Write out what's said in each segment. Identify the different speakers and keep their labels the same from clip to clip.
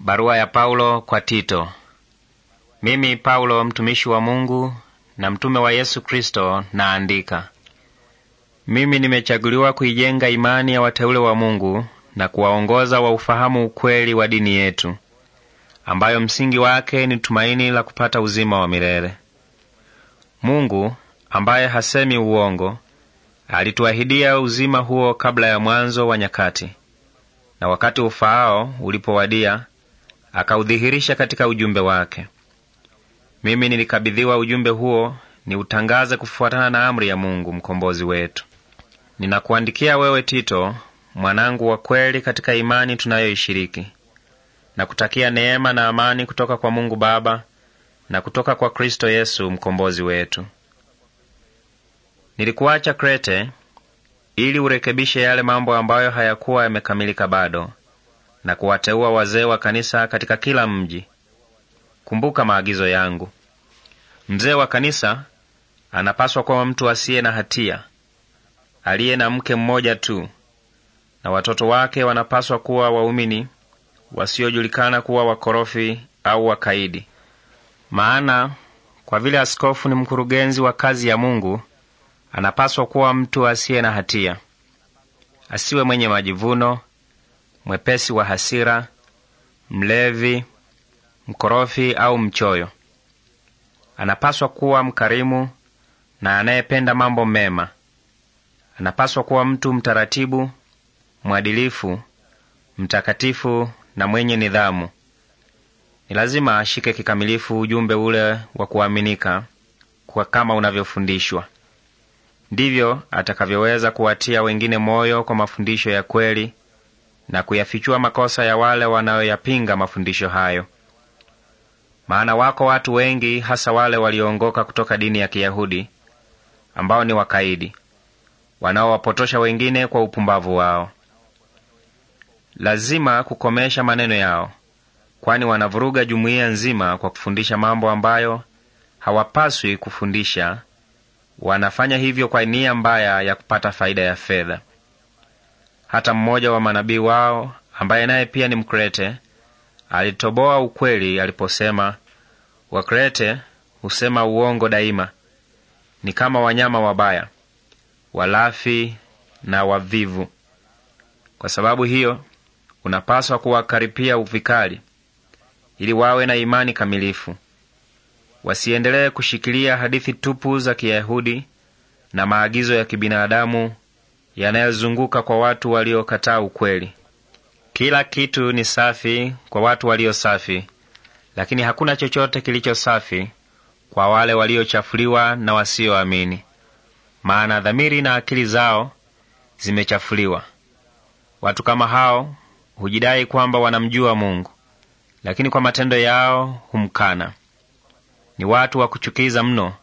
Speaker 1: Barua ya Paulo kwa Tito. Mimi Paulo mtumishi wa Mungu na mtume wa Yesu Kristo naandika. Mimi nimechaguliwa kuijenga imani ya wateule wa Mungu na kuwaongoza wa ufahamu ukweli wa dini yetu, ambayo msingi wake ni tumaini la kupata uzima wa milele. Mungu ambaye hasemi uongo alituahidia uzima huo kabla ya mwanzo wa nyakati, na wakati ufaao ulipowadia akaudhihirisha katika ujumbe wake. Mimi nilikabidhiwa ujumbe huo niutangaze kufuatana na amri ya Mungu mkombozi wetu. Ninakuandikia wewe Tito, mwanangu wa kweli katika imani tunayoishiriki, na kutakia neema na amani kutoka kwa Mungu Baba na kutoka kwa Kristo Yesu mkombozi wetu. Nilikuacha Krete ili urekebishe yale mambo ambayo hayakuwa yamekamilika bado, na kuwateua wazee wa kanisa katika kila mji. Kumbuka maagizo yangu. Mzee wa kanisa anapaswa kuwa mtu asiye na hatia, aliye na mke mmoja tu, na watoto wake wanapaswa kuwa waumini wasiojulikana kuwa wakorofi au wakaidi. Maana kwa vile askofu ni mkurugenzi wa kazi ya Mungu, anapaswa kuwa mtu asiye na hatia, asiwe mwenye majivuno mwepesi wa hasira, mlevi, mkorofi au mchoyo. Anapaswa kuwa mkarimu na anayependa mambo mema. Anapaswa kuwa mtu mtaratibu, mwadilifu, mtakatifu na mwenye nidhamu. Ni lazima ashike kikamilifu ujumbe ule wa kuaminika kwa kama unavyofundishwa. Ndivyo atakavyoweza kuwatia wengine moyo kwa mafundisho ya kweli na kuyafichua makosa ya wale wanayoyapinga mafundisho hayo. Maana wako watu wengi, hasa wale walioongoka kutoka dini ya Kiyahudi, ambao ni wakaidi, wanaowapotosha wengine kwa upumbavu wao. Lazima kukomesha maneno yao, kwani wanavuruga jumuiya nzima kwa kufundisha mambo ambayo hawapaswi kufundisha. Wanafanya hivyo kwa nia mbaya ya kupata faida ya fedha. Hata mmoja wa manabii wao ambaye naye pia ni Mkrete alitoboa ukweli aliposema, Wakrete husema uongo daima, ni kama wanyama wabaya, walafi na wavivu. Kwa sababu hiyo unapaswa kuwakaripia uvikali ili wawe na imani kamilifu, wasiendelee kushikilia hadithi tupu za Kiyahudi na maagizo ya kibinadamu yanayozunguka kwa watu waliokataa ukweli. Kila kitu ni safi kwa watu walio safi, lakini hakuna chochote kilicho safi kwa wale waliochafuliwa na wasioamini, maana dhamiri na akili zao zimechafuliwa. Watu kama hao hujidai kwamba wanamjua Mungu, lakini kwa matendo yao humkana. Ni watu wa kuchukiza mno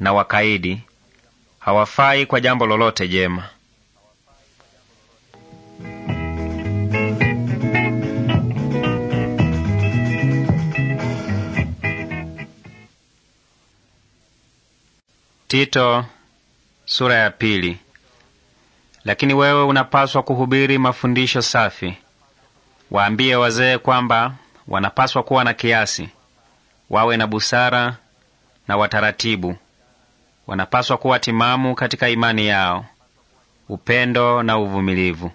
Speaker 1: na wakaidi, hawafai kwa jambo lolote jema. Tito, sura ya pili. Lakini wewe unapaswa kuhubiri mafundisho safi. Waambie wazee kwamba wanapaswa kuwa na kiasi, wawe na busara na wataratibu. Wanapaswa kuwa timamu katika imani yao, upendo na uvumilivu.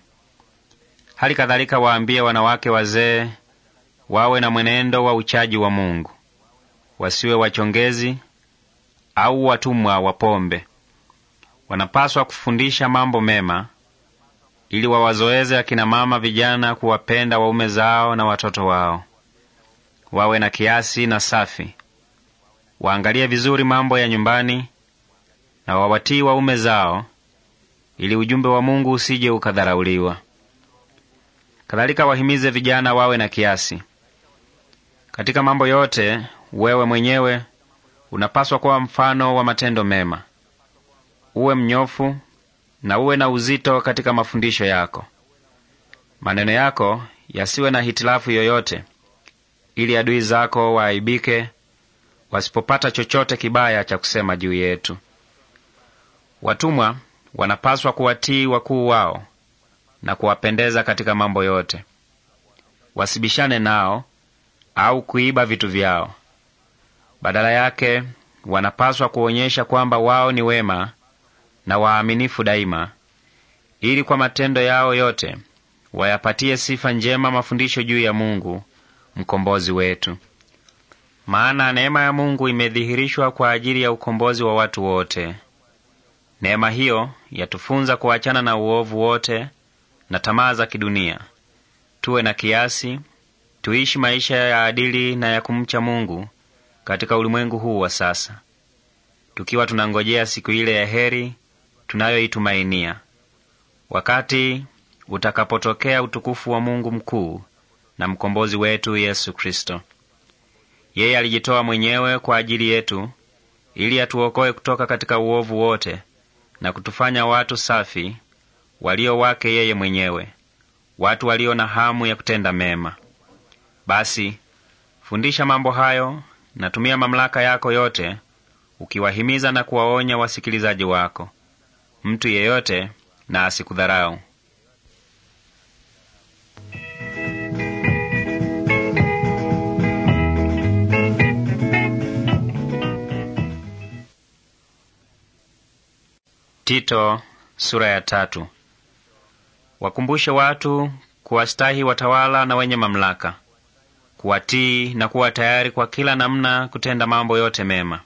Speaker 1: Hali kadhalika waambie wanawake wazee wawe na mwenendo wa uchaji wa Mungu, wasiwe wachongezi au watumwa wa pombe. Wanapaswa kufundisha mambo mema ili wawazoeze akina mama vijana kuwapenda waume zao na watoto wao, wawe na kiasi na safi, waangalie vizuri mambo ya nyumbani na wawatii waume zao, ili ujumbe wa Mungu usije ukadharauliwa. Kadhalika wahimize vijana wawe na kiasi katika mambo yote. Wewe mwenyewe unapaswa kuwa mfano wa matendo mema. Uwe mnyofu na uwe na uzito katika mafundisho yako. Maneno yako yasiwe na hitilafu yoyote, ili adui zako waaibike wasipopata chochote kibaya cha kusema juu yetu. Watumwa wanapaswa kuwatii wakuu wao na kuwapendeza katika mambo yote, wasibishane nao au kuiba vitu vyao. Badala yake wanapaswa kuonyesha kwamba wao ni wema na waaminifu daima, ili kwa matendo yao yote wayapatie sifa njema mafundisho juu ya Mungu mkombozi wetu. Maana neema ya Mungu imedhihirishwa kwa ajili ya ukombozi wa watu wote. Neema hiyo yatufunza kuachana na uovu wote na tamaa za kidunia, tuwe na kiasi, tuishi maisha ya adili na ya kumcha Mungu katika ulimwengu huu wa sasa, tukiwa tunangojea siku ile ya heri tunayoitumainia, wakati utakapotokea utukufu wa Mungu mkuu na mkombozi wetu Yesu Kristo. Yeye alijitoa mwenyewe kwa ajili yetu ili atuokoe kutoka katika uovu wote na kutufanya watu safi walio wake yeye mwenyewe, watu walio na hamu ya kutenda mema. Basi fundisha mambo hayo natumia mamlaka yako yote ukiwahimiza na kuwaonya wasikilizaji wako. Mtu yeyote na asikudharau. Tito sura ya tatu. Wakumbushe watu kuwastahi watawala na wenye mamlaka kuwatii na kuwa tayari kwa kila namna kutenda mambo yote mema.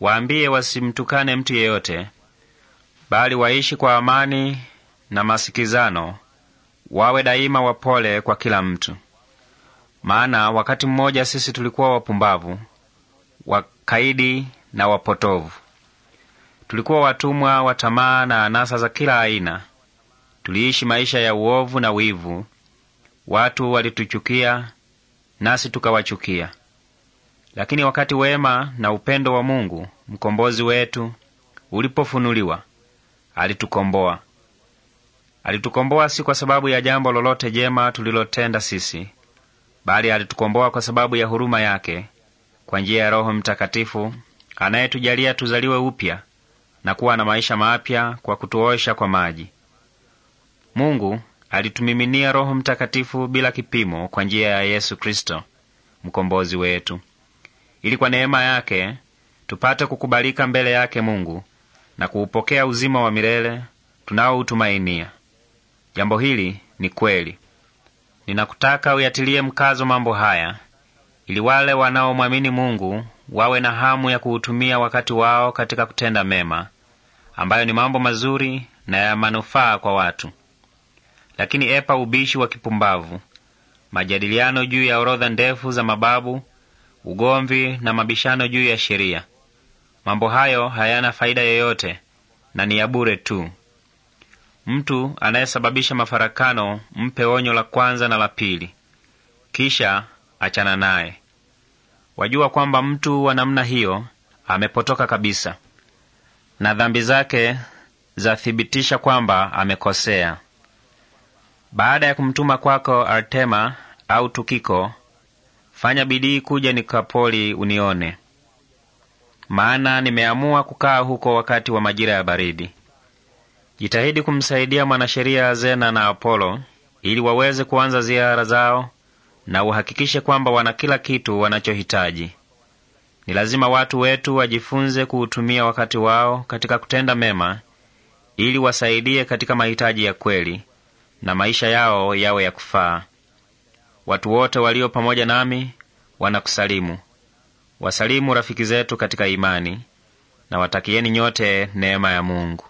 Speaker 1: Waambie wasimtukane mtu yeyote, bali waishi kwa amani na masikizano, wawe daima wapole kwa kila mtu. Maana wakati mmoja sisi tulikuwa wapumbavu, wakaidi na wapotovu, tulikuwa watumwa wa tamaa na anasa za kila aina. Tuliishi maisha ya uovu na wivu, watu walituchukia nasi tukawachukia. Lakini wakati wema na upendo wa Mungu mkombozi wetu ulipofunuliwa, alitukomboa. Alitukomboa si kwa sababu ya jambo lolote jema tulilotenda sisi, bali alitukomboa kwa sababu ya huruma yake kwa njia ya Roho Mtakatifu anayetujalia tuzaliwe upya na kuwa na maisha mapya kwa kutuosha kwa maji. Mungu alitumiminia Roho Mtakatifu bila kipimo kwa njia ya Yesu Kristo mkombozi wetu, ili kwa neema yake tupate kukubalika mbele yake Mungu na kuupokea uzima wa milele tunaoutumainia. Jambo hili ni kweli. Ninakutaka uyatilie mkazo mambo haya, ili wale wanaomwamini Mungu wawe na hamu ya kuutumia wakati wao katika kutenda mema, ambayo ni mambo mazuri na ya manufaa kwa watu lakini epa ubishi wa kipumbavu, majadiliano juu ya orodha ndefu za mababu, ugomvi na mabishano juu ya sheria. Mambo hayo hayana faida yoyote na ni ya bure tu. Mtu anayesababisha mafarakano mpe onyo la kwanza na la pili, kisha achana naye. Wajua kwamba mtu wa namna hiyo amepotoka kabisa, na dhambi zake zathibitisha kwamba amekosea. Baada ya kumtuma kwako Artema au Tukiko, fanya bidii kuja Nikapoli unione, maana nimeamua kukaa huko wakati wa majira ya baridi. Jitahidi kumsaidia mwanasheria Zena na Apolo ili waweze kuanza ziara zao, na uhakikishe kwamba wana kila kitu wanachohitaji. Ni lazima watu wetu wajifunze kuutumia wakati wao katika kutenda mema, ili wasaidie katika mahitaji ya kweli na maisha yao yawe ya kufaa. Watu wote walio pamoja nami wanakusalimu. Wasalimu rafiki zetu katika imani, na watakieni nyote neema ya Mungu.